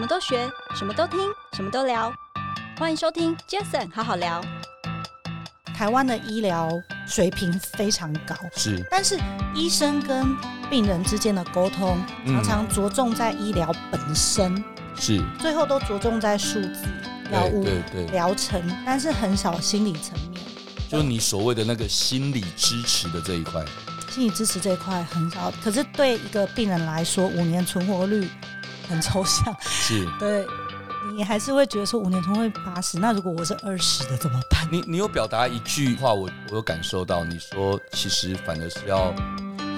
什麼都學，什麼都聽，什麼都聊。歡迎收聽《Jason 好好聊》。台灣的醫療水平非常高，是，但是醫生跟病人之間的溝通常常着重在醫療本身，嗯、是，最後都着重在數字藥物療程，但是很少心理層面。就你所謂的那個心理支持的這一塊，心理支持這一塊很少。可是對一個病人來說，五年存活率。很抽象，是對，你還是會覺得說五年通會八十？那如果我是二十的怎麼辦？你你有表達一句話，我我有感受到。你說，其實反而是要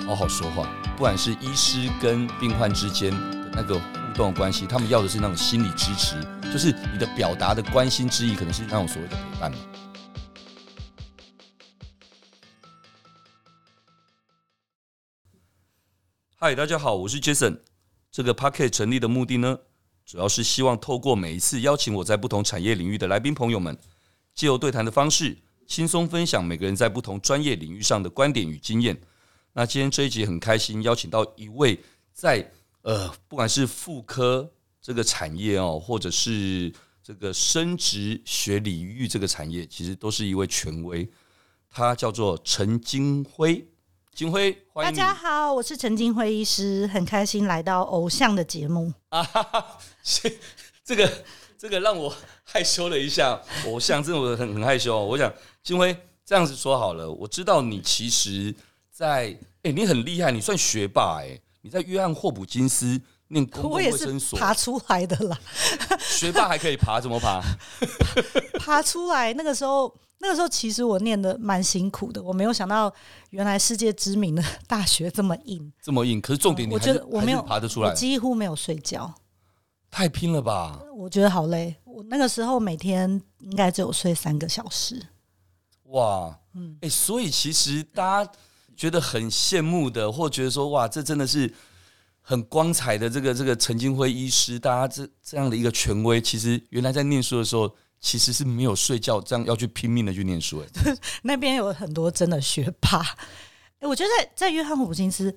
好好說話，不管是醫師跟病患之間的那個互動關係，他們要的是那種心理支持，就是你的表達的關心之意，可能是那種所謂的陪伴。嗨，Hi，大家好，我是 Jason。這個 Podcast 成立的目的呢，主要是希望透過每一次邀請我在不同產業領域的來賓朋友們，借由對談的方式，輕鬆分享每個人在不同專業領域上的觀點與經驗。那今天這一集很開心邀請到一位在呃，不管是婦科這個產業哦、喔，或者是這個生殖學領域這個產業，其實都是一位權威，他叫做陳菁徽。菁徽，歡迎。大家好，我是陳菁徽醫師，很開心來到偶像的節目啊！ 這個這個讓我害羞了一下，偶像真的我很很害羞、哦。我想，菁徽這樣子說好了，我知道你其實在，在、欸、哎，你很厲害，你算學霸哎、欸，你在約翰霍普金斯念公共衛生所，爬出來的啦， 學霸還可以爬，怎麼爬？爬出來那個時候。那個時候其實我念得蠻辛苦的，我沒有想到原來世界知名的大學這麼硬，這麼硬。可是重點是，我覺得我沒有還爬得出來，幾乎沒有睡覺，太拼了吧？我覺得好累。我那個時候每天應該只有睡三個小時。哇，嗯，哎、欸，所以其實大家覺得很羨慕的，或覺得說哇，這真的是很光彩的這個這個陳菁徽醫師，大家這這樣的一個權威，其實原來在念書的時候。其實是沒有睡覺，這樣要去拼命的去念書。哎， 那邊有很多真的學霸。欸、我覺得在，在約翰霍普金斯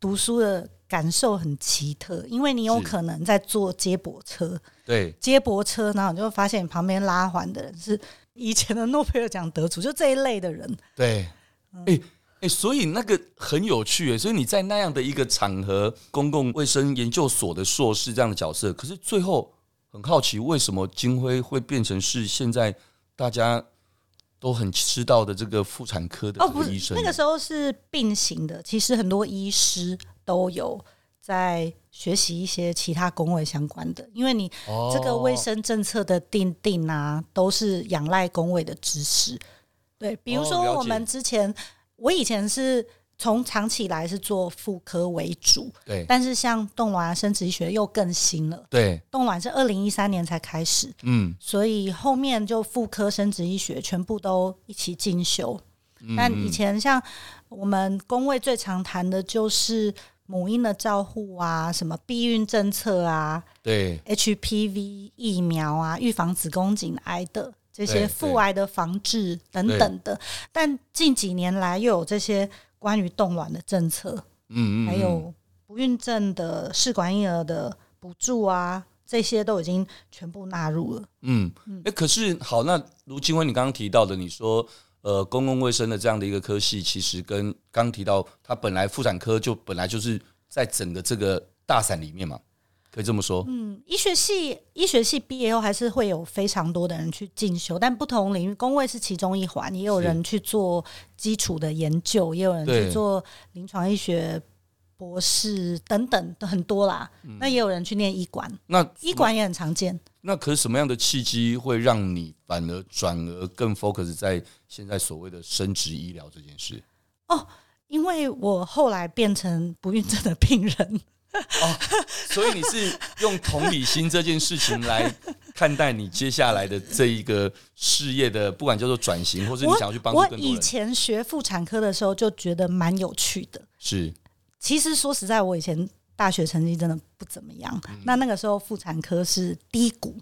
讀書的感受很奇特，因為你有可能在坐接駁車。對，接駁車呢，然後你就發現你旁邊拉環的人是以前的諾貝爾獎得主，就這一類的人。對、嗯欸欸，所以那個很有趣。所以你在那樣的一個場合，公共衛生研究所的碩士這樣的角色，可是最後。很好奇為什麼菁徽會變成是現在大家都很知道的這個婦產科的這醫生，哦不是。那個時候是並行的，其實很多醫師都有在學習一些其他公衛相關的，因為你這個衛生政策的定定啊，都是仰賴公衛的知識。對，比如說我們之前，哦、我以前是。從長期來是做婦科為主，對。但是像凍卵、生殖醫學又更新了，對。凍卵是二零一三年才開始，嗯。所以後面就婦科、生殖醫學全部都一起進修。嗯。但以前像我們公衛最常談的就是母嬰的照護啊，什麼避孕政策啊，對。HPV 疫苗啊，預防子宮頸癌的這些婦癌的防治等等的。但近幾年來又有這些。關於凍卵的政策，嗯嗯，嗯，嗯嗯、還有不孕症的試管嬰兒的補助啊，這些都已經全部納入了。嗯，嗯、欸，可是好，那菁徽，你剛剛提到的，你說呃，公共衛生的這樣的一個科系，其實跟剛提到它本來婦產科就本來就是在整個這個大傘裡面嘛。可以這麼說，嗯，醫學系醫學系畢業後還是會有非常多的人去進修，但不同領域公衛是其中一環，也有人去做基礎的研究，是也有人去做臨床醫學博士等等，都很多啦。那、嗯、也有人去念醫管，那醫管也很常見。那可是什麼樣的契機會讓你反而轉而更 focus 在現在所謂的生殖醫療這件事？哦，因為我後來變成不孕症的病人。嗯哦，所以你是用同理心這件事情來看待你接下來的這一個事業的，不管叫做轉型，或是你想要去幫助更多人。我，我以前學婦產科的時候就覺得蠻有趣的。是，其實說實在，我以前大學成績真的不怎麼樣。嗯，那那個時候婦產科是低谷。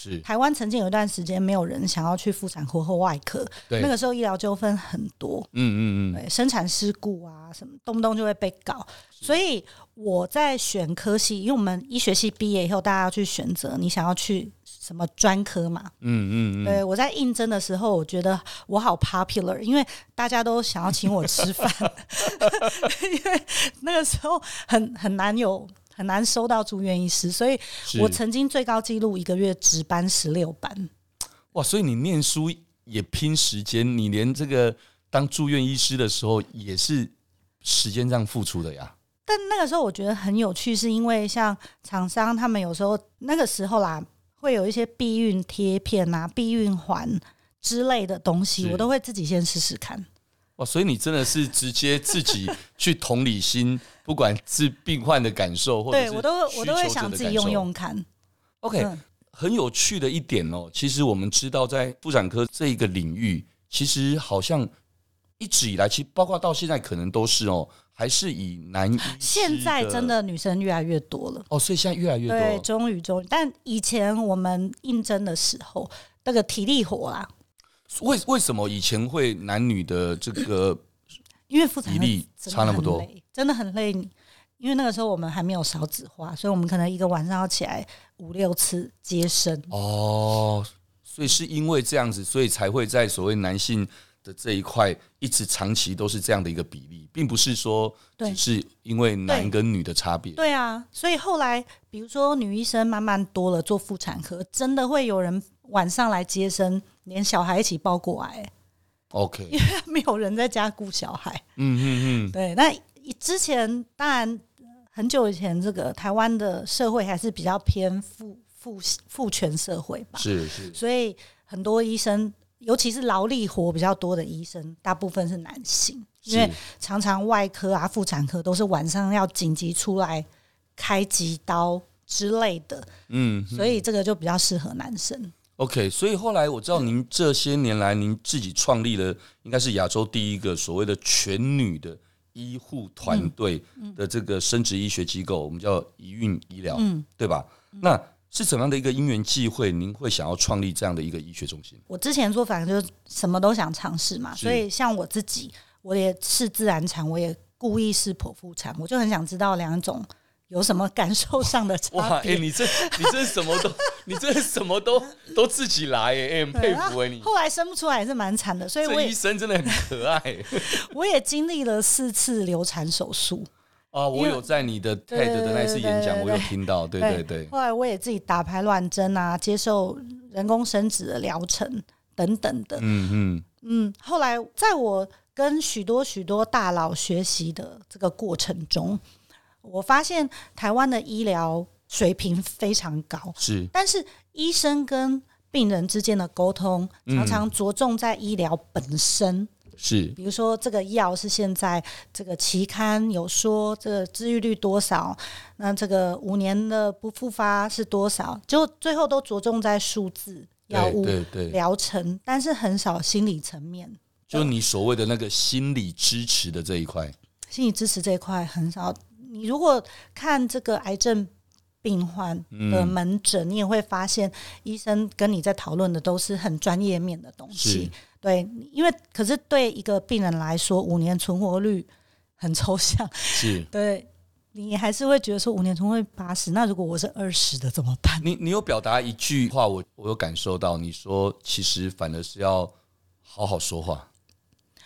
是，台灣曾經有一段時間沒有人想要去婦產科或外科，對那個時候醫療糾紛很多，嗯嗯嗯，生產事故啊什麼動不動就會被搞。是所以我在選科系，因為我們醫學系畢業以後，大家要去選擇你想要去什麼專科嘛，嗯，嗯嗯。對，我在應徵的時候，我覺得我好 popular，因為大家都想要請我吃飯， 因為那個時候很很難有。很難收到住院醫師，所以我曾經最高紀錄一個月值班十六班。哇，所以你念書也拼時間，你連這個當住院醫師的時候也是時間上付出的呀？但那個時候我覺得很有趣，是因為像廠商他們有時候那個時候啦，會有一些避孕貼片啊、避孕環之類的東西，是我都會自己先試試看。所以你真的是直接自己去同理心，不管是病患的感受，或者是需求者的感受。對，我都我都會想自己用用看。OK，嗯，很有趣的一點哦。其實我們知道，在婦產科這一個領域，其實好像一直以來，其實包括到現在，可能都是哦，還是以男。現在真的女生越來越多了哦，所以現在越來越多，對，終於終於。但以前我們應徵的時候，那個體力活啊。為為什麼以前會男女的這個比例，因為婦產比例差那麼多？真的很累，因為那個時候我們還沒有少子化，所以我們可能一個晚上要起來五六次接生。哦，所以是因為這樣子，所以才會在所謂男性的這一塊一直長期都是這樣的一個比例，並不是說只是因為男，對男跟女的差別。對啊，所以後來比如說女醫生慢慢多了，做婦產科真的會有人。晚上來接生，連小孩一起抱過來。OK，因為沒有人在家顧小孩。嗯嗯嗯。對，那之前當然很久以前，這個台灣的社會還是比較偏父父父權社會吧？是是。所以很多醫生，尤其是勞力活比較多的醫生，大部分是男性，因為常常外科啊、婦產科都是晚上要緊急出來開急刀之類的。嗯哼。所以這個就比較適合男生。OK，所以後來我知道您這些年來，您自己創立了應該是亞洲第一個所謂的全女的醫護團隊的這個生殖醫學機構，嗯嗯、我們叫宜蘊醫療，嗯，對吧？那是怎樣的一個因緣際會，您會想要創立這樣的一個醫學中心？我之前做反正就是什麼都想嘗試嘛，是所以像我自己，我也是自然產，我也故意是剖腹產，我就很想知道兩種。有什麼感受上的哇。欸，你這你這什麼都 你這什麼都都自己來。欸，哎、欸，很佩服哎、欸、你、啊。後來生不出來也是蠻慘的，所以我醫生真的很可愛欸。 我也經歷了四次流產手術為啊，我有在你的 TED 的那次演講，對對對對對，我有聽到，對對對、對、對、對對對。後來我也自己打排卵針啊，接受人工生殖的療程等等的，嗯嗯嗯。後來在我跟許多許多大佬學習的這個過程中。我發現台灣的醫療水平非常高，是，但是醫生跟病人之間的溝通、嗯、常常着重在醫療本身，是，比如說這個藥是現在這個期刊有說這個治癒率多少，那這個五年的不復發是多少，就最後都着重在數字、藥物對、療程，對對對，但是很少心理層面，就你所謂的那個心理支持的這一塊，心理支持這一塊很少。你如果看這個癌症病患的門診，嗯、你也會發現醫生跟你在討論的都是很專業面的東西。是對，因為可是對一個病人來說，五年存活率很抽象。是，對，你還是會覺得說五年存活率八十，那如果我是二十的怎麼辦？你你有表達一句話，我我有感受到，你說其實反而是要好好說話，嗯、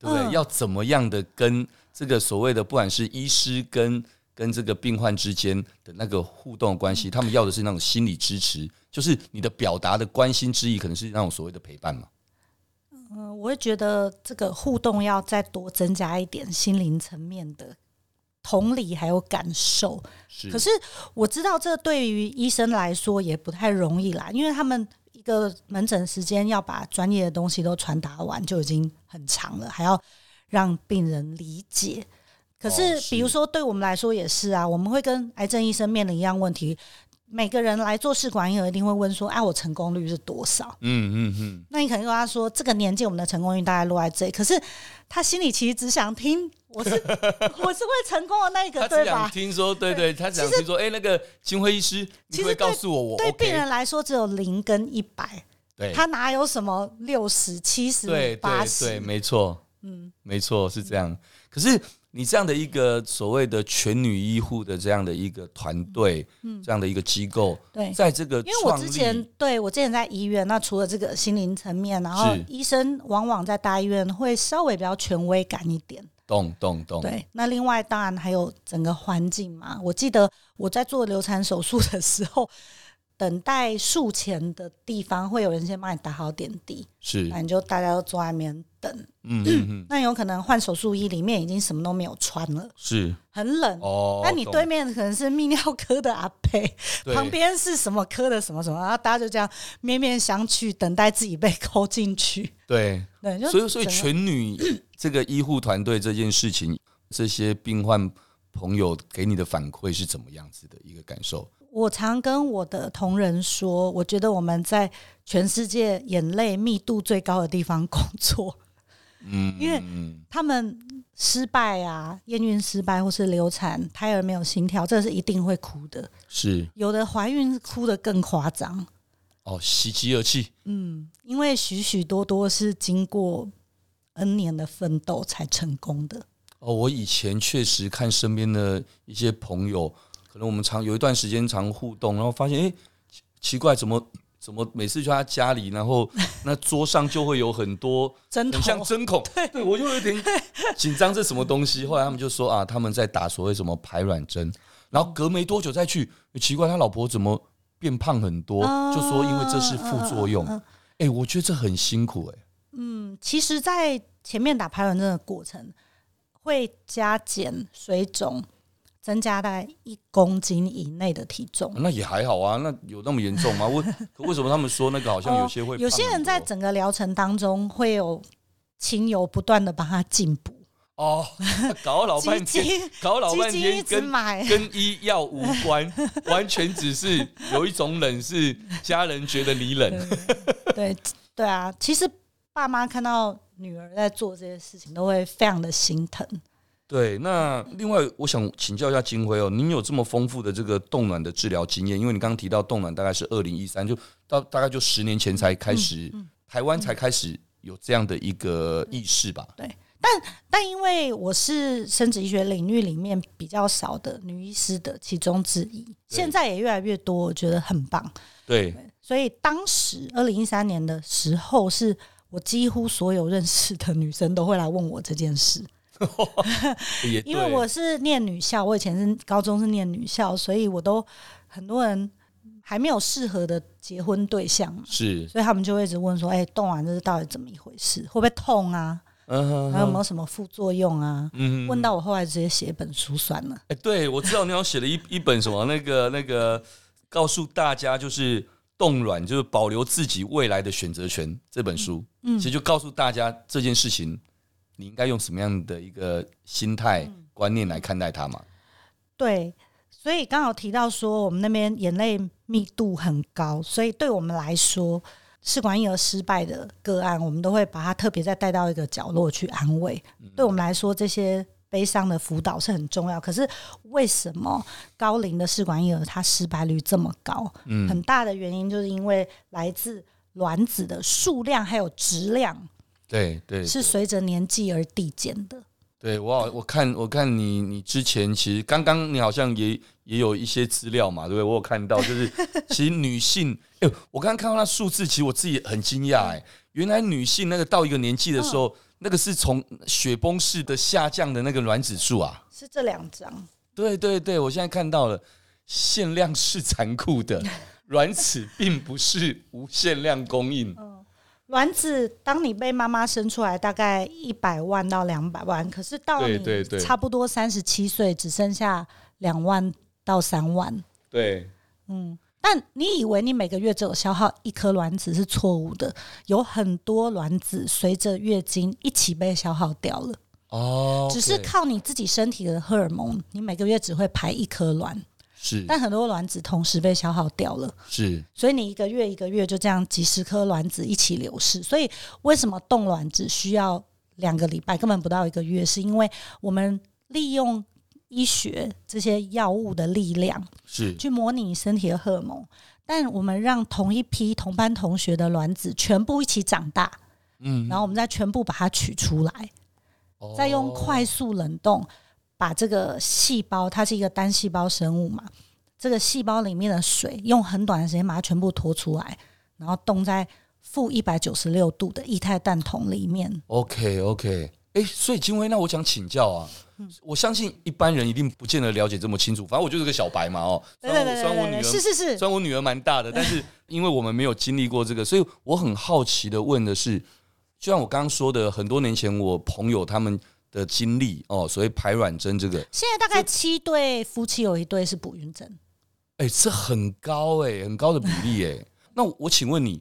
對不對？要怎麼樣的跟？這個所謂的，不管是醫師跟跟這個病患之間的那個互動關係，他們要的是那種心理支持，就是你的表達的關心之意，可能是那種所謂的陪伴嘛。嗯，我會覺得這個互動要再多增加一點心靈層面的同理還有感受。是，可是我知道這對於醫生來說也不太容易啦，因為他們一個門診時間要把專業的東西都傳達完就已經很長了，還要。讓病人理解，可是比如說，對我們來說也是啊。哦、是我們會跟癌症醫生面臨一樣問題，每個人來做試管嬰兒一定會問說：“哎、啊，我成功率是多少？”嗯嗯嗯。嗯嗯那你可能跟他說：“這個年紀我們的成功率大概落在這，可是他心裡其實只想聽：“我是我是會成功的那個， 對吧？”他只想聽說對，對對，他只想聽說：“哎對、欸，那個菁徽醫師，實你會告訴我，我，我對，對病人來說只有零跟一百，對，他哪有什麼六十七十八十對對對，沒錯。”沒錯，是這樣。可是你這樣的一個所謂的全女醫護的這樣的一個團隊、嗯，嗯，這樣的一個機構，對在這個創立，因為我之前對我之前在醫院，那除了這個心靈層面，然後醫生往往在大醫院會稍微比較權威感一點。咚咚咚，對，那另外當然還有整個環境嘛。我記得我在做流產手術的時候。 等待術前的地方，會有人先幫你打好點滴，是，那你就大家都坐外面等。嗯哼哼嗯，那有可能換手術衣裡面已經什麼都沒有穿了，是，很冷哦。那你對面可能是泌尿科的阿伯，對旁邊是什麼科的什麼什麼，然後大家就這樣面面相覷，等待自己被扣進去。對對，對所以所以全女這個醫護團隊這件事情， 這些病患朋友給你的反饋是怎麼樣子的一個感受？我常跟我的同仁說，我覺得我們在全世界眼淚密度最高的地方工作，嗯，因為他們失敗啊，驗孕失敗，或是流產，胎兒沒有心跳，這是一定會哭的。是有的懷孕哭得更誇張，哦，喜極而泣。嗯，因為許許多多是經過 N 年的奮鬥才成功的。哦，我以前確實看身邊的一些朋友。我們常有一段時間常互動，然後發現哎，奇怪，怎麼怎麼每次去他家裡，然後那桌上就會有很多針頭，很像針孔對，對，對，我就會有點緊張，這什麼東西？對後來他們就說啊，他們在打所謂什麼排卵針，然後隔沒多久再去，奇怪，他老婆怎麼變胖很多？嗯、就說因為這是副作用。哎、嗯，我覺得這很辛苦哎、欸。嗯，其實，在前面打排卵針的過程會加減水腫。增加大概一公斤以內的體重，啊，那也還好啊。那有那麼嚴重嗎？為為什麼他們說那個好像有些會、哦？有些人在整個療程當中會有情友不斷的幫他進補哦，搞老半天，金搞老半天，一直買跟醫藥無關， 完全只是有一種冷是家人覺得你冷。對，對，對啊，其實爸媽看到女兒在做這些事情，都會非常的心疼。對，那另外我想請教一下菁徽哦，您有這麼豐富的這個凍卵的治療經驗，因為你剛剛提到凍卵大概是二零一三，就到大概就十年前才開始，嗯嗯、台灣才開始有這樣的一個意識吧？對，對，但但因為我是生殖醫學領域裡面比較少的女醫師的其中之一，對現在也越來越多，我覺得很棒。對，對，所以當時二零一三年的時候，是我幾乎所有認識的女生都會來問我這件事。 因為我是念女校，我以前是高中是念女校，所以我都很多人還沒有適合的結婚對象，是，所以他們就會一直問說：“哎、欸，凍卵、啊、這是到底怎麼一回事？會不會痛啊？還、嗯、有沒有什麼副作用啊？”嗯、問到我後來直接寫一本書算了。哎、欸，對，我知道你要寫了一一本什麼那個 那個，那個、告訴大家就是凍卵就是保留自己未來的選擇權這本書，嗯嗯、其實就告訴大家這件事情。你應該用什麼樣的一個心態觀念來看待它嗎？嗯、對，所以剛好提到說，我們那邊眼淚密度很高，所以對我們來說，試管嬰兒失敗的個案，我們都會把它特別再帶到一個角落去安慰。對我們來說，這些悲傷的輔導是很重要。可是為什麼高齡的試管嬰兒它失敗率這麼高？嗯，很大的原因就是因為來自卵子的數量還有質量。對對，對對是隨着年紀而遞減的。對我好，我看我看你，你之前其實剛剛你好像也也有一些資料嘛，對不對？我有看到，就是其實女性，哎、 欸，我剛剛看到那數字，其實我自己也很驚訝、欸，哎、嗯，原來女性那個到一個年紀的時候，哦、那個是從雪崩式的下降的那個卵子數啊，是這兩張。對對對，我現在看到了，限量是殘酷的， 卵子並不是無限量供應。嗯嗯嗯卵子，當你被媽媽生出來，大概一百萬到兩百萬，可是到你差不多三十七歲，對對對，只剩下兩萬到三萬。對，嗯，但你以為你每個月只有消耗一顆卵子是錯誤的，有很多卵子隨着月經一起被消耗掉了。哦，oh, okay. 只是靠你自己身體的荷爾蒙，你每個月只會排一顆卵。但很多卵子同時被消耗掉了，是，所以你一個月一個月就這樣幾十顆卵子一起流失。所以為什麼凍卵只需要兩個禮拜，根本不到一個月？是因為我們利用醫學這些藥物的力量，是去模擬身體的荷爾蒙，但我們讓同一批同班同學的卵子全部一起長大，嗯，然後我們再全部把它取出來，哦、再用快速冷凍。把這個細胞，它是一個單細胞生物嘛，這個細胞裡面的水，用很短的時間把它全部脫出來，然後凍在負一百九十六度的液態氮桶裡面。OK OK，哎、欸，所以菁徽，那我想請教啊，嗯、我相信一般人一定不見得了解這麼清楚。反正我就是個小白嘛，哦，對對對對對，雖然我女兒是是是，雖然我女兒蠻大的，對但是因為我們沒有經歷過這個，所以我很好奇的問的是，就像我剛剛說的，很多年前我朋友他們。的經歷哦，所以排卵針，這個現在大概七對就夫妻有一對是不孕症哎，這很高哎、欸，很高的比例哎、欸。 那我，我請問你，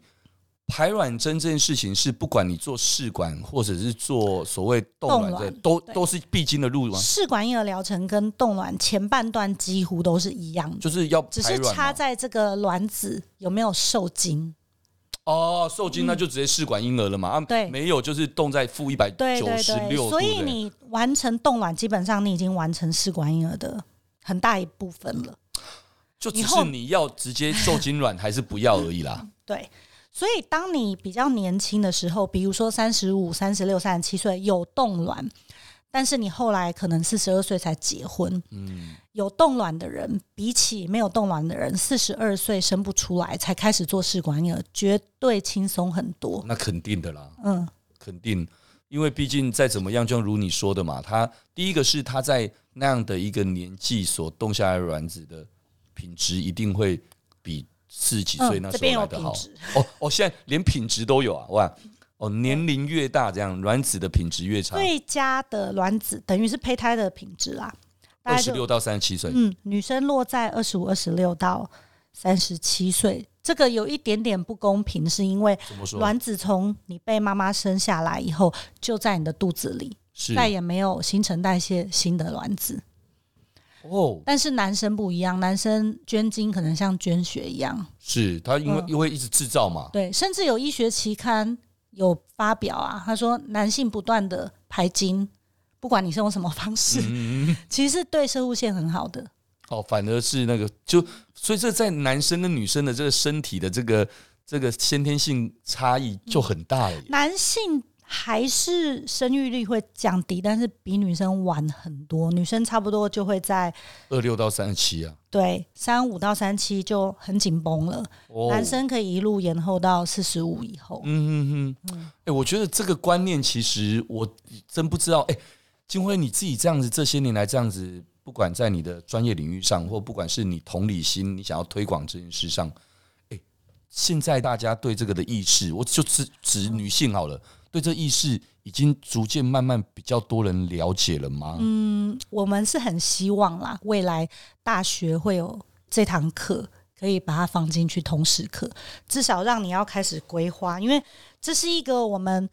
排卵針這件事情是不管你做試管或者是做所謂凍卵的，卵都對都是必經的路嗎？試管嬰兒療程跟凍卵前半段幾乎都是一樣的，就是要只是差在這個卵子有沒有受精。哦，受精、嗯、那就直接試管嬰兒了嘛，對啊，沒有就是凍在負一百九十六度，所以你完成凍卵，基本上你已經完成試管嬰兒的很大一部分了。就只是你要直接受精卵，還是不要而已啦。以後 對，所以當你比較年輕的時候，比如說三十五、三十六、三十七歲有凍卵。但是你後來可能四十二歲才結婚，嗯，有凍卵的人比起沒有凍卵的人，四十二歲生不出來才開始做試管嬰兒，絕對輕鬆很多。那肯定的啦，嗯，肯定，因為畢竟再怎麼樣，就像如你說的嘛，他第一個是他在那樣的一個年紀所凍下來卵子的品質，一定會比四十幾歲那時候來得好。嗯、哦哦，現在連品質都有啊，哇！哦，年齡越大，這樣卵子的品質越差。最佳的卵子等於是胚胎的品質啦，大概二十六到三十七歲。嗯，女生落在二十五、二十六到三十七歲，這個有一點點不公平，是因為卵子從你被媽媽生下來以後就在你的肚子裡，是再也沒有新陳代謝新的卵子。哦，但是男生不一樣，男生捐精可能像捐血一樣，是他因為、嗯、因為一直製造嘛。對，甚至有醫學期刊。有發表啊，他說男性不斷的排精，不管你是用什麼方式，是嗯、其實對攝護腺很好的。哦，反而是那個就，所以這在男生跟女生的這個身體的這個這個先天性差異就很大了。男性。還是生育率會降低，但是比女生晚很多。女生差不多就會在二六到三七啊，對，三五到三七就很緊繃了。哦、男生可以一路延後到四十五以後。嗯嗯嗯。哎、欸，我覺得這個觀念其實我真不知道。哎、欸，菁徽，你自己這樣子，這些年來這樣子，不管在你的專業領域上，或不管是你同理心，你想要推廣這件事上，哎、欸，現在大家對這個的意識，我就指指女性好了。嗯對這意識已經逐漸慢慢比較多人了解了嗎？嗯，我們是很希望啦，未來大學會有這堂課，可以把它放進去通識課，至少讓你要開始規劃，因為這是一個我們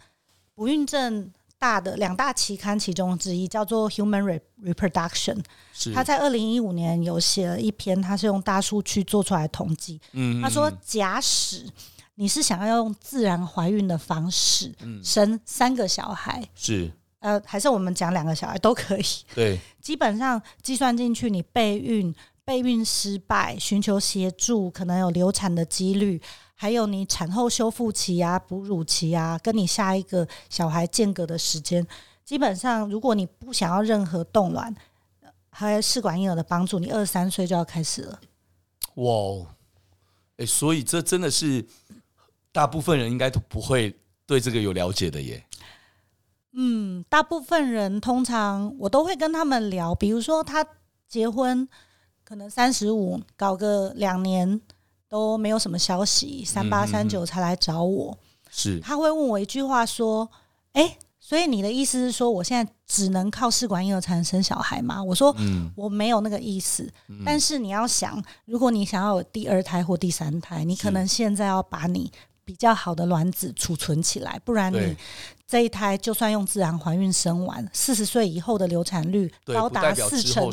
不孕症大的兩大期刊其中之一，叫做《Human Reproduction》。是，他在二零一五年有寫了一篇，他是用大數據做出來統計。嗯，嗯，他說假使。你是想要用自然懷孕的方式生三個小孩，嗯？是呃，還是我們講兩個小孩都可以？對，基本上計算進去，你備孕、備孕失敗、尋求協助、可能有流產的幾率，還有你產後修復期啊、哺乳期啊，跟你下一個小孩間隔的時間，基本上如果你不想要任何凍卵還有試管嬰兒的幫助，你二十三歲就要開始了。哇，哎、欸，所以這真的是。大部分人應該都不會對這個有了解的耶。嗯，大部分人通常我都會跟他們聊，比如說他結婚可能三十五，搞個兩年都沒有什麼消息，三八三九才來找我。是、嗯，他會問我一句話說：“哎是、欸，所以你的意思是說，我現在只能靠試管嬰兒才能生小孩嗎？”我說：“嗯，我沒有那個意思。嗯、但是你要想，如果你想要有第二胎或第三胎，你可能現在要把你。”比較好的卵子儲存起來，不然你這一胎就算用自然懷孕生完，四十歲以後的流產率高達四成，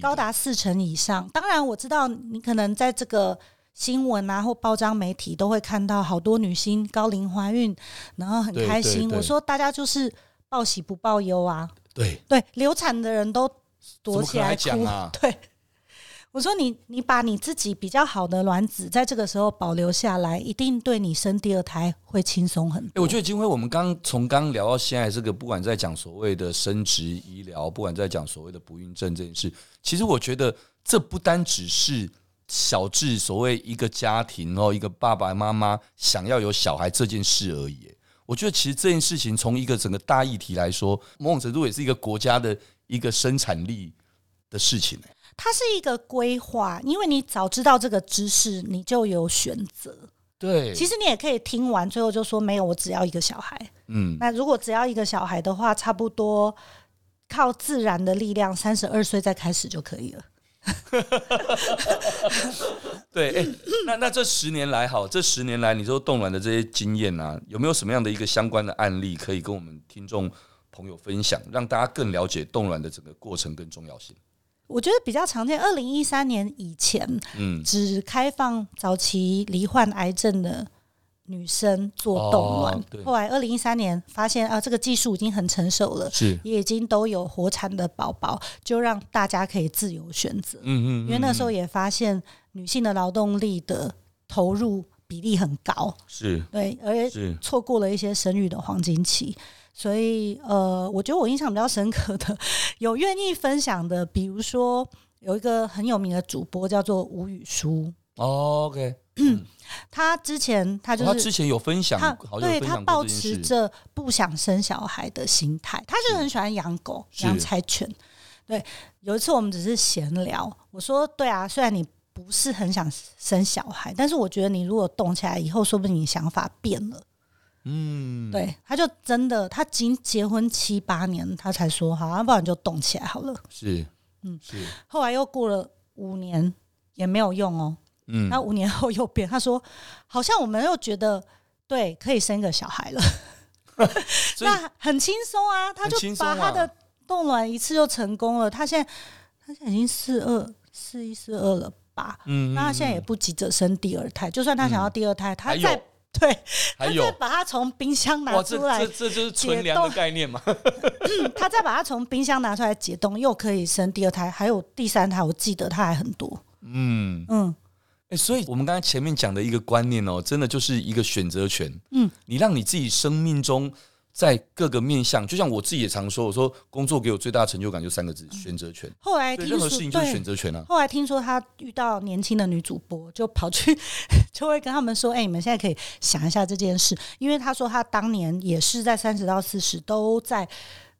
高達四成以上。當然，我知道你可能在這個新聞啊或報章媒體都會看到好多女星高齡懷孕，然後很開心。我說大家就是報喜不報憂啊，對對，流產的人都躲起來哭，啊、對。我說你，你把你自己比較好的卵子在這個時候保留下來，一定對你生第二胎會輕鬆很多。欸，我覺得菁徽，我們剛從剛聊到現在，這個不管在講所謂的生殖醫療，不管在講所謂的不孕症這件事，其實我覺得這不單只是小至所謂一個家庭然後一個爸爸媽媽想要有小孩這件事而已。我覺得其實這件事情從一個整個大議題來說，某種程度也是一個國家的一個生產力的事情。它是一個規劃，因為你早知道這個知識，你就有選擇。對，其實你也可以聽完，最後就說沒有，我只要一個小孩。嗯，那如果只要一個小孩的話，差不多靠自然的力量，三十二歲再開始就可以了。對，欸、那那這十年來，好，這十年來，你說凍卵的這些經驗啊，有沒有什麼樣的一個相關的案例可以跟我們聽眾朋友分享，讓大家更了解凍卵的整個過程跟重要性？我覺得比較常見，二零一三年以前，只開放早期罹患癌症的女生做凍卵、哦、後來二零一三年發現啊，這個技術已經很成熟了，是也已經都有活產的寶寶，就讓大家可以自由選擇。嗯哼嗯哼，因為那時候也發現女性的勞動力的投入。比例很高，是對，而且錯過了一些生育的黃金期，所以呃，我覺得我印象比較深刻的，有願意分享的，比如說有一個很有名的主播叫做吳宇舒、哦、，OK，、嗯、他之前他就是、哦、他之前有分享，對他抱持着不想生小孩的心態，他就是很喜歡養狗，是養柴犬，對。有一次我們只是閒聊，我說，對啊，雖然你。不是很想生小孩，但是我覺得你如果動起來以後，說不定你想法變了。嗯，對，他就真的，他已經結婚七八年，他才說好啊，要不然你就動起來好了。是，嗯，是。後來又過了五年，也沒有用哦。嗯，他五年後又變，他說好像我們又覺得對，可以生個小孩了。 所以 那很輕鬆啊，他就把他的凍卵一次就成功了。啊，他現在他現在已經四二四一四二了。吧，嗯，那他現在也不急着生第二胎，就算他想要第二胎，嗯、他再還有對，他再把他從冰箱拿出來，這這就是存糧的概念嘛。他再把他從冰箱拿出來解凍、 嗯，又可以生第二胎，還有第三胎，我記得他還很多，嗯嗯，哎、嗯欸，所以我們剛才前面講的一個觀念哦，真的就是一個選擇權，嗯，你讓你自己生命中。在各個面向，就像我自己也常說，我說工作給我最大成就感就三個字：選擇權。後來聽說對，任何事情就是選擇權。後來聽說他遇到年輕的女主播，就跑去就會跟他們說：“哎、欸，你們現在可以想一下這件事。”因為他說他當年也是在三十到四十都在，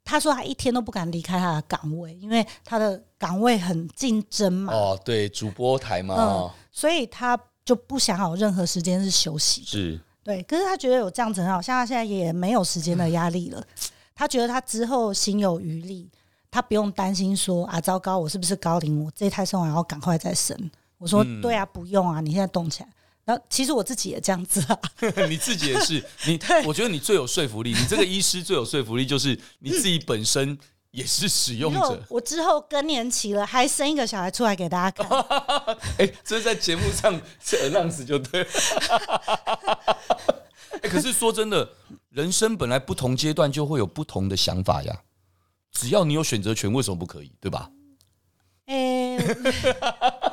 他說他一天都不敢離開他的崗位，因為他的崗位很競爭嘛。哦，對，主播台嘛，嗯、所以他就不想有任何時間是休息。是。對，可是他覺得有這樣子很好，像他現在也沒有時間的壓力了，他覺得他之後心有餘力，他不用擔心說啊，糟糕，我是不是高齡？我這一胎生完要趕快再生。我說，嗯、對啊，不用啊，你現在動起來。然後其實我自己也這樣子啊，你自己也是， 對 你我覺得你最有說服力，你這個醫師最有說服力就是你自己本身。也是使用者。我之後更年期了，還生一個小孩出來給大家看。哎、 欸，這是在節目上這樣 子就對。哎、 欸，可是說真的，人生本來不同階段就會有不同的想法呀。只要你有選擇權，為什麼不可以？對吧？哎、欸。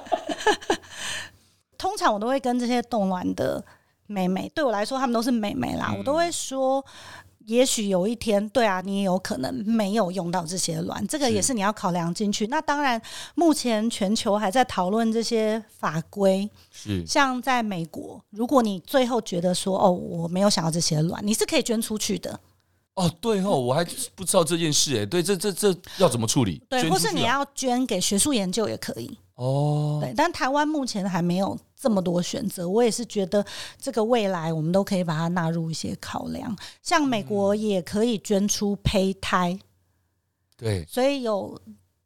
通常我都會跟這些凍卵的美眉，對我來說，他們都是美眉啦。嗯、我都會說。也許有一天，對啊，你也有可能沒有用到這些卵，這個也是你要考量進去。是那當然，目前全球還在討論這些法規，是像在美國，如果你最後覺得說哦，我沒有想要這些卵，你是可以捐出去的。哦，對哦，我還不知道這件事誒、欸，對，這這這要怎麼處理？對，啊、或是你要捐給學術研究也可以。哦、對，但台灣目前還沒有這麼多選擇。我也是覺得，這個未來我們都可以把它納入一些考量。像美國也可以捐出胚胎，嗯、對，所以有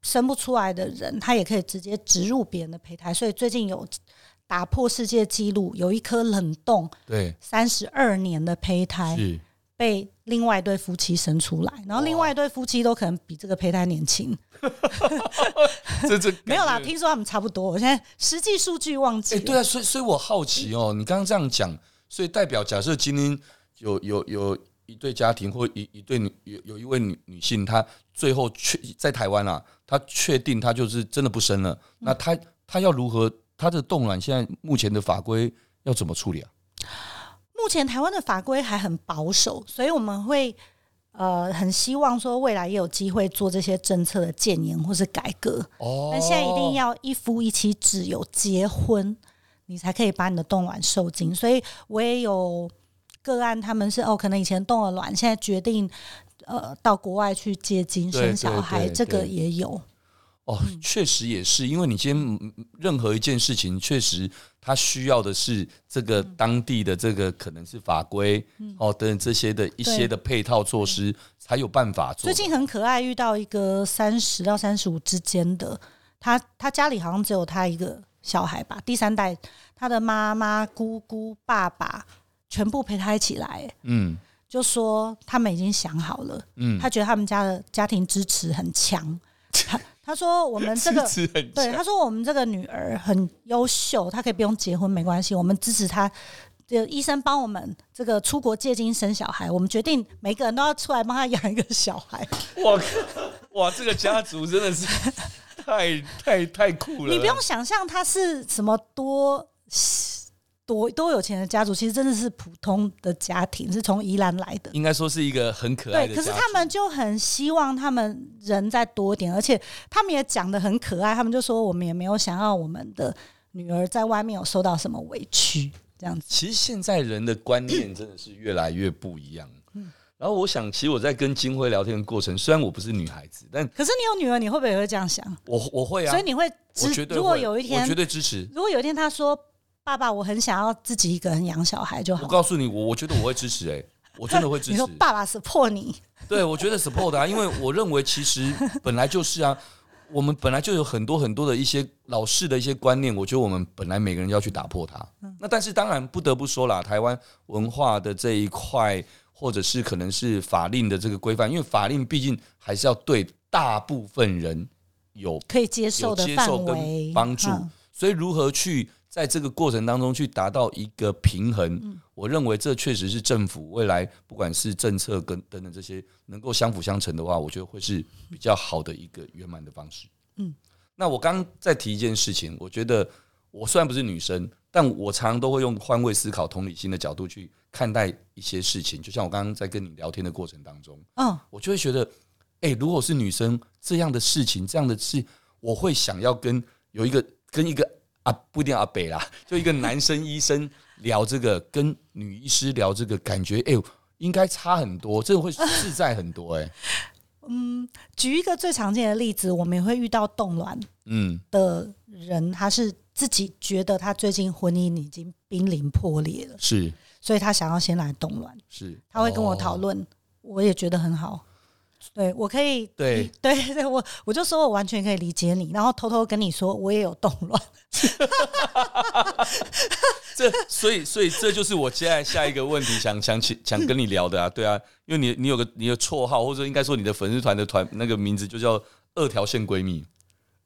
生不出來的人，他也可以直接植入別人的胚胎。所以最近有打破世界紀錄，有一顆冷凍對三十二年的胚胎，被另外一對夫妻生出來，然後另外一對夫妻都可能比這個胚胎年輕。哇 沒有啦，聽說他們差不多。我現在實際數據忘記了。欸、對啊，所以所以，我好奇哦，你剛剛這樣講，所以代表假設今天有有有一對家庭，或一一對女有有一位女女性，她最後確在台灣啊，她確定她就是真的不生了，那、嗯、她她要如何？她的凍卵現在目前的法規要怎麼處理啊？目前台灣的法規還很保守，所以我們會呃很希望說未來也有機會做這些政策的建言或是改革。那、哦、現在一定要一夫一妻制，有結婚你才可以把你的凍卵受精。所以我也有個案，他們是哦，可能以前凍了卵，現在決定呃到國外去借精生小孩，對對對對對，這個也有。哦，確實也是，因為你今天任何一件事情，確實他需要的是這個當地的這個可能是法規、嗯、哦等等這些的一些的配套措施才有辦法做。最近很可愛，遇到一個三十到三十五之間的，他他家裡好像只有他一個小孩吧，第三代，他的媽媽、姑姑、爸爸全部陪他一起來，嗯，就說他們已經想好了，嗯，他覺得他們家的家庭支持很強。 他說：“我們這個對，他說我們這個女兒很優秀，她可以不用結婚沒關係，我們支持她。就醫生幫我們這個出國借精生小孩，我們決定每個人都要出來幫她養一個小孩哇。哇哇，這個家族真的是 太太太酷了！你不用想象她是什麼多。”多多有錢的家族，其實真的是普通的家庭，是從宜蘭來的。應該說是一個很可愛的家。可是他們就很希望他們人再多一點，而且他們也講得很可愛。他們就說：“我們也沒有想要我們的女兒在外面有受到什麼委屈。”這樣子。其實現在人的觀念真的是越來越不一樣。嗯。 然後我想，其實我在跟金輝聊天的過程，雖然我不是女孩子，但可是你有女兒，你會不會也會這樣想？我我會啊。所以你會，支持，如果有一天，如果有一天他說。爸爸，我很想要自己一個人養小孩就好了。我告訴你，我我覺得我會支持哎、欸， 我真的會支持。你說爸爸 support 你？對，我覺得 support 啊， 因為我認為其實本來就是啊，我們本來就有很多很多的一些老式的一些觀念，我覺得我們本來每個人要去打破它。嗯、那但是當然不得不說啦，台灣文化的這一塊，或者是可能是法令的這個規範，因為法令畢竟還是要對大部分人有可以接受的範圍、接受跟幫助，嗯、所以如何去，在這個過程當中去達到一個平衡，我認為這確實是政府未來不管是政策跟等等這些能夠相輔相成的話，我覺得會是比較好的一個圓滿的方式。嗯，那我剛在提一件事情，我覺得我雖然不是女生，但我常常都會用換位思考、同理心的角度去看待一些事情。就像我剛剛在跟你聊天的過程當中，嗯，我就會覺得，欸，如果是女生這樣的事情，這樣的事，我會想要跟有一個跟一個。啊，不一定阿北啦，就一個男生醫生聊這個，跟女醫師聊這個，感覺哎呦、欸，應該差很多，這會自在很多誒、欸。嗯，舉一個最常見的例子，我們也會遇到凍卵嗯的人，嗯、他是自己覺得他最近婚姻已經瀕臨破裂了，是，所以他想要先來凍卵，是，他會跟我討論，哦、我也覺得很好。對，我可以對、嗯、對對，我我就說我完全可以理解你，然後偷偷跟你說，我也有凍卵。 這，所以，所以這就是我接下來下一個問題想，想想起想跟你聊的啊，對啊，因為你你有個你有綽號，或者應該說你的粉絲團的團那個名字就叫“二條線閨蜜”，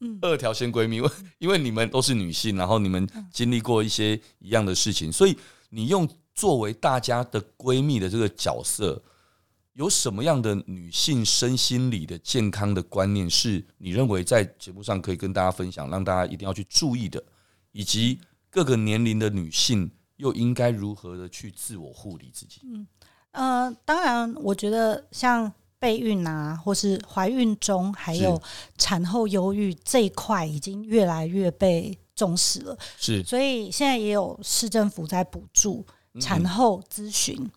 嗯，“二條線閨蜜”，因為你們都是女性，然後你們經歷過一些一樣的事情，嗯、所以你用作為大家的閨蜜的這個角色，有什麼樣的女性身心理的健康的觀念是你認為在節目上可以跟大家分享，讓大家一定要去注意的？以及各個年齡的女性又應該如何的去自我護理自己？嗯呃，當然，我覺得像備孕啊，或是懷孕中，還有產後憂鬱這一塊，已經越來越被重視了。是，所以現在也有市政府在補助產後諮詢、嗯、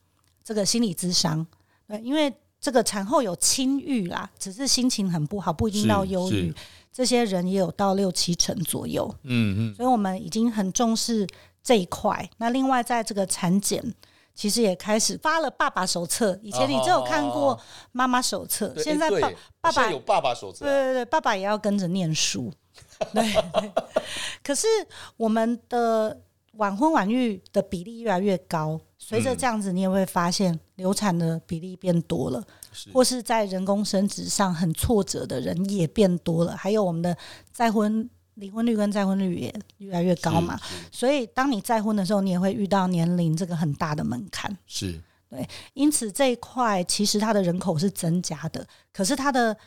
這個心理諮商。呃、因為這個產後有輕鬱啦，只是心情很不好，不一定到憂鬱。這些人也有到六七成左右。嗯嗯哼。所以我們已經很重視這一塊。那另外，在這個產檢，其實也開始發了爸爸手冊。以前你只有看過媽媽手冊，啊、現在爸爸爸有爸爸手冊、啊。對，對對，爸爸也要跟着唸書 對。對。可是我們的晚婚晚育的比例越來越高。隨着這樣子，你也會發現流產的比例變多了，嗯、是，或是在人工生殖上很挫折的人也變多了。還有我們的再婚離婚率跟再婚率也越來越高嘛。所以當你再婚的時候，你也會遇到年齡這個很大的門檻。是，對，因此這一塊其實它的人口是增加的，可是他的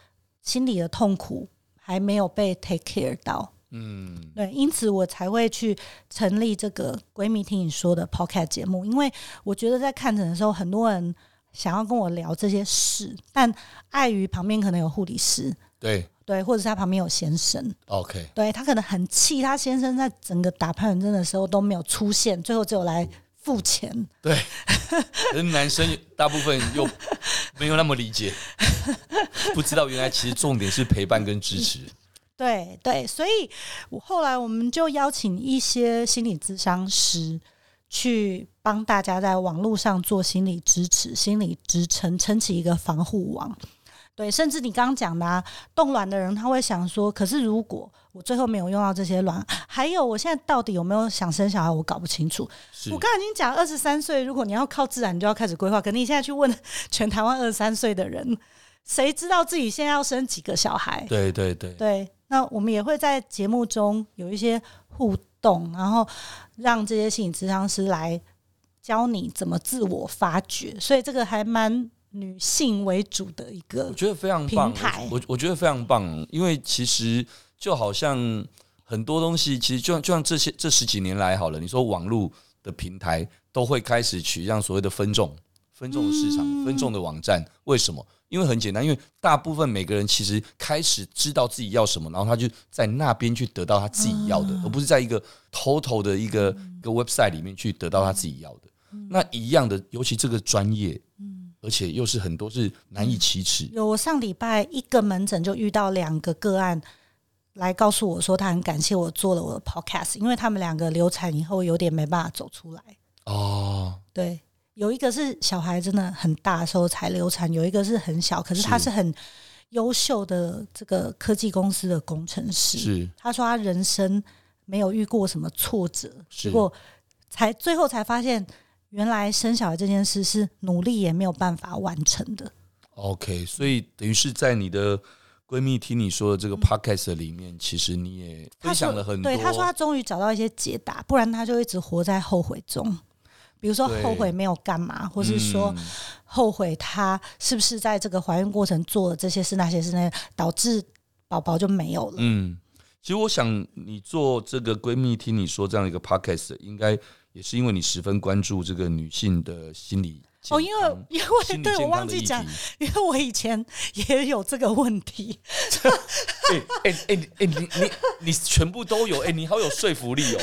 心理的痛苦還沒有被 take care 到。嗯，對，因此我才會去成立這個閨蜜聽你說的 podcast 節目，因為我覺得在看診的時候，很多人想要跟我聊這些事，但礙於旁邊可能有護理師，對對，或者是他旁邊有先生，OK，對他可能很氣，他先生在整個打排卵針的時候都沒有出現，最後只有來付錢。對， 可是男生大部分又沒有那麼理解， 不知道原來其實重點是陪伴跟支持。對對，所以我後來我們就邀請一些心理諮商師去幫大家在網絡上做心理支持、心理支撐，撐起一個防護網。對，甚至你剛剛講的啊凍卵的人，他會想說：可是如果我最後沒有用到這些卵，還有我現在到底有沒有想生小孩，我搞不清楚。是我剛才已經講，二十三歲，如果你要靠自然，你就要開始規劃。可你現在去問全台灣二十三歲的人，誰知道自己現在要生幾個小孩？對對對，對。那我們也會在節目中有一些互動，然後讓這些心理諮詢師來教你怎麼自我發掘，所以這個還蠻女性為主的一個，我覺得非常平台。我我覺得非常棒，因為其實就好像很多東西，其實就像就像這些這十幾年來好了，你說網絡的平台都會開始取向所謂的分眾、分眾的市場、分眾的網站，嗯、為什麼？因為很簡單，因為大部分每個人其實開始知道自己要什麼，然後他就在那邊去得到他自己要的，嗯、而不是在一個偷偷的一個一、嗯、個 website 裡面去得到他自己要的。嗯、那一樣的，尤其這個專業，嗯、而且又是很多是難以啟齒、嗯。有，我上禮拜一個門診就遇到兩個個案來告訴我說，他很感謝我做了我的 podcast，因為他們兩個流產以後有點沒辦法走出來。哦，對。有一個是小孩真的很大的時候才流產，有一個是很小，可是他是很優秀的這個科技公司的工程師。是，他說他人生沒有遇過什麼挫折，過是，才最後才發現原來生小孩這件事是努力也沒有辦法完成的。OK，所以等於是在你的閨蜜聽你說的這個 Podcast 裡面，嗯、其實你也分享了很多。對，他說他終於找到一些解答，不然他就一直活在後悔中。比如說後悔沒有幹嘛，嗯、或是說後悔她是不是在這個懷孕過程做了這些事那些事呢？導致寶寶就沒有了。嗯，其實我想你做這個閨蜜，聽你說這樣一個 podcast，應該也是因為你十分關注這個女性的心理哦，因為因為心理 對我忘記講，因為我以前也有這個問題。哎哎哎，你你你全部都有，哎、欸，你好有說服力哦。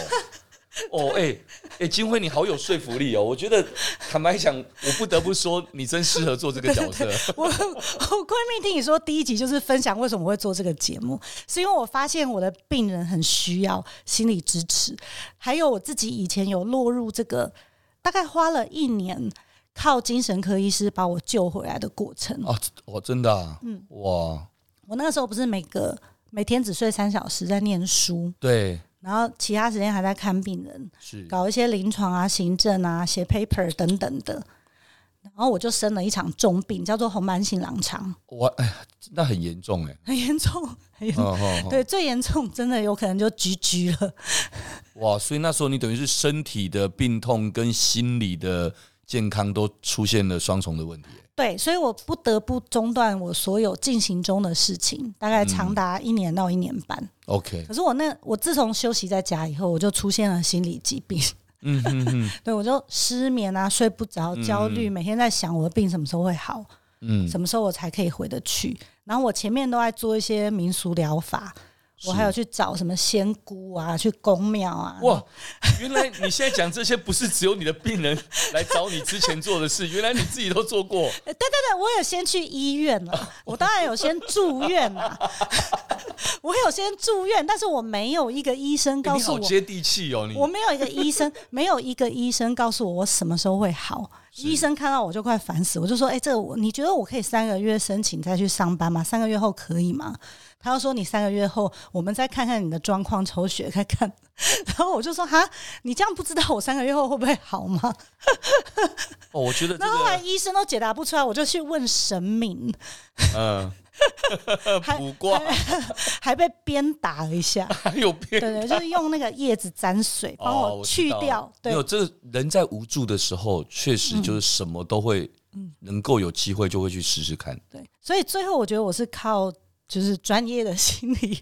哦，哎、欸，哎、欸，菁徽，你好有說服力哦！ 我覺得坦白講，我不得不說，你真適合做這個角色。 我我閨蜜聽你說，第一集就是分享為什麼會做這個節目，是因為我發現我的病人很需要心理支持，還有我自己以前有落入這個，大概花了一年靠精神科醫師把我救回來的過程啊！哦，真的、啊，嗯，哇，我那個時候不是每個每天只睡三小時在念書，對。然後其他時間還在看病人，是搞一些臨床啊、行政啊、寫 paper 等等的。然後我就生了一場重病，叫做紅斑性狼瘡。哇，哎呀，那很嚴重哎，很嚴重，很嚴重。哦哦哦對，最嚴重真的有可能就 GG 了。哇，所以那時候你等於是身體的病痛跟心理的健康都出現了雙重的問題，對，所以我不得不中斷我所有進行中的事情，大概長達一年到一年半。OK，、嗯、可是我那我自從休息在家以後，我就出現了心理疾病。嗯哼哼 對我就失眠啊，睡不着，焦慮，嗯、哼每天在想我的病什麼時候會好，嗯，什麼時候我才可以回得去？然後我前面都在做一些民俗療法。我還有去找什麼仙姑啊，去宮廟啊。哇，原來你現在講這些不是只有你的病人來找你之前做的事？ 原來你自己都做過。對對對，我有先去醫院了， 我當然有先住院了，我有先住院，但是我沒有一個醫生告訴我，欸、你好接地氣哦，你我沒有一個醫生，沒有一個醫生告訴我我什麼時候會好。是醫生看到我就快煩死，我就說，誒、欸，這個、我你覺得我可以三個月申請再去上班嗎？三個月後可以嗎？他說你三個月後，我們再看看你的狀況，抽血看看。 然後我就說：哈，你這樣不知道我三個月後會不會好嗎？ 哦，我覺得、這個。那後來醫生都解答不出來，我就去問神明。 嗯，卜卦還，還、還被鞭打了一下，還有鞭打？對對，就是用那個葉子沾水幫我去掉。哦、對沒有，這個、人在無助的時候，確實就是什麼都會，嗯，能夠有機會就會去試試看。嗯嗯、對，所以最後我覺得我是靠。就是專業的心理、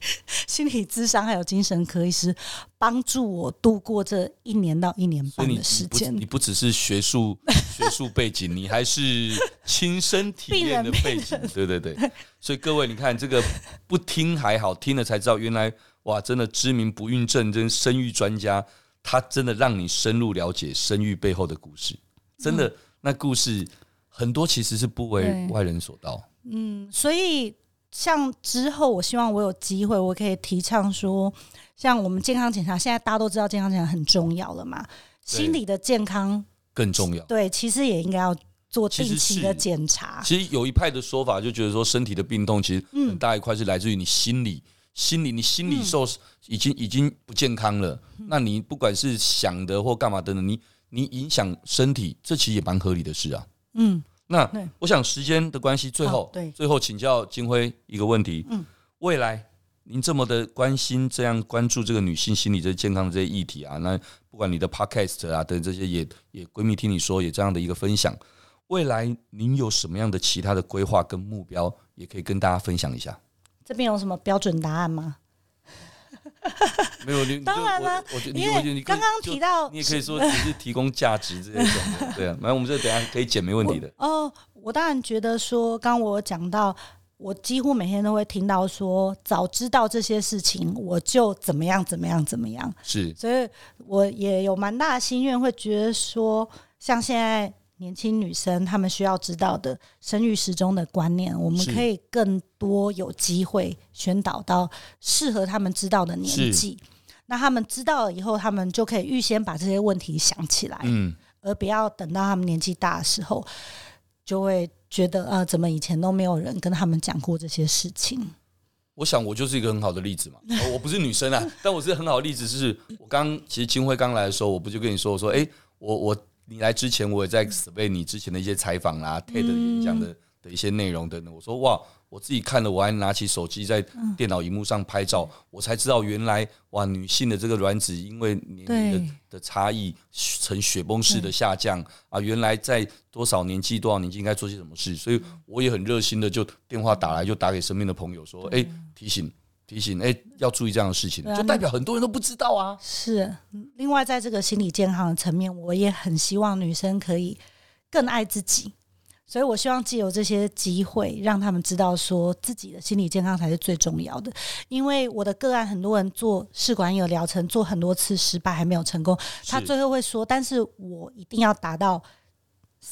心理諮商，還有精神科醫師幫助我度過這一年到一年半的時間。你不只是學術、 學術背景，你還是親身體驗的背景。 對對對，對所以各位，你看這個不聽還好，聽了才知道，原來哇，真的知名不孕症、跟生育專家，他真的讓你深入了解生育背後的故事。真的，嗯、那故事很多其實是不為外人所道。嗯，所以。像之後，我希望我有機會，我可以提倡說，像我們健康檢查，現在大家都知道健康檢查很重要了嘛，心理的健康更重要，對，其實也應該要做定期的檢查。其，其實有一派的說法就覺得說，身體的病痛其實很大一塊是來自於你心理，心理你心理受已經已經不健康了，那你不管是想的或幹嘛的等，等，你你影響身體，這其實也蠻合理的事啊，嗯。那我想時間的關係，最後最後請教菁徽一個問題。嗯，未來您這麼的關心、這樣關注這個女性心理的健康的這些議題啊，那不管你的 podcast 啊等這些，也也閨蜜聽你說，也這樣的一個分享，未來您有什麼樣的其他的規劃跟目標，也可以跟大家分享一下。這邊有什麼標準答案嗎？ 當然了，因為剛剛提到，你也可以說只是提供價值這樣，對啊，反正 我們這等下可以剪， 沒問題的。哦、呃，我當然覺得說，剛我講到，我幾乎每天都會聽到說，早知道這些事情，我就怎麼樣怎麼樣怎麼樣。是，所以我也有蠻大的心願，會覺得說，像現在。年輕女生她們需要知道的生育時鐘的觀念，我們可以更多有機會宣導到適合她們知道的年紀。是那她們知道了以後，她們就可以預先把這些問題想起來，嗯、而不要等到她們年紀大的時候，就會覺得啊、呃，怎麼以前都沒有人跟他們講過這些事情。我想我就是一個很好的例子嘛，我不是女生啊， 但我是很好的例子。就是我剛其實菁徽剛來的時候，我不就跟你說我說，哎、欸，我我。你來之前，我也在準備、嗯、你之前的一些採訪啦、啊、TED 演講的的一些內容等等。我說哇，我自己看了，我還拿起手機在電腦熒幕上拍照，我才知道原來哇，女性的這個卵子因為年齡的差異呈雪崩式的下降啊。原來在多少年紀、多少年紀應該做些什麼事，所以我也很熱心的就電話打來，就打給身邊的朋友說，哎，提醒。提醒誒、欸，要注意這樣的事情，啊，就代表很多人都不知道啊。是，另外在這個心理健康的層面，我也很希望女生可以更愛自己，所以我希望借由這些機會，讓他們知道說自己的心理健康才是最重要的。因為我的個案，很多人做試管嬰兒療程做很多次失敗還沒有成功，是他最後會說：“但是我一定要達到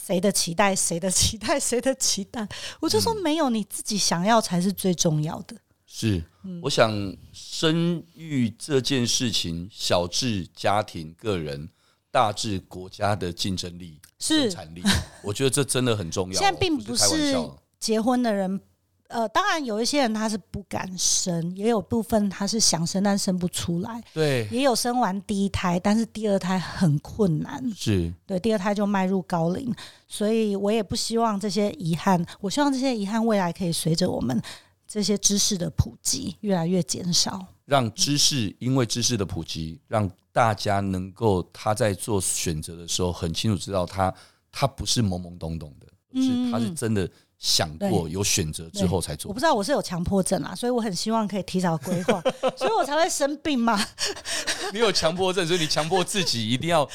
誰的期待，誰的期待，誰的期待。”我就說：“沒有，嗯、你自己想要才是最重要的。”是，我想生育這件事情，小至家庭、個人，大至國家的競爭力，是，生產力，我覺得這真的很重要哦。現在並不是，結婚，不是開玩笑啊，結婚的人，呃，當然有一些人他是不敢生，也有部分他是想生但生不出來，對，也有生完第一胎，但是第二胎很困難，是對，第二胎就邁入高齡，所以我也不希望這些遺憾，我希望這些遺憾未來可以隨着我們。這些知識的普及越來越減少，讓知識，因為知識的普及，讓大家能夠他在做選擇的時候，很清楚知道他他不是懵懵懂懂的。是，他是真的想過有選擇之後才做，嗯。我不知道我是有強迫症啊，所以我很希望可以提早規劃，所以我才會生病嘛。 你有強迫症，所以你強迫自己一定要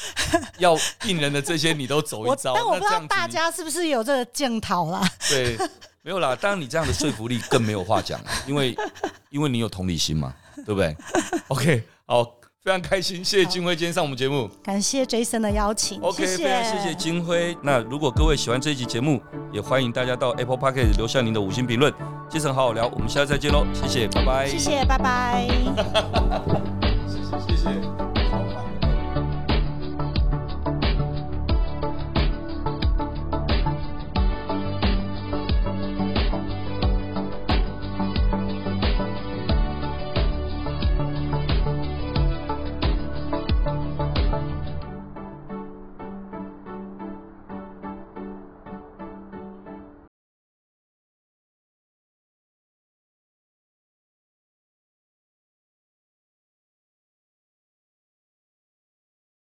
要病人的這些你都走一遭。但我不知道大家是不是有這個檢討啦？對，沒有啦。當然你這樣的說服力更沒有話講了，因為因為你有同理心嘛，對不對？OK，好。非常開心，謝謝菁徽今天上我們節目，感謝 Jason 的邀請。OK，非常謝謝菁徽。嗯、那如果各位喜歡這一集節目，也歡迎大家到 Apple Podcast 留下您的五星評論。Jason，好好聊，我們下次再見嘍，謝謝，拜拜。謝謝，拜拜。 謝謝，謝謝。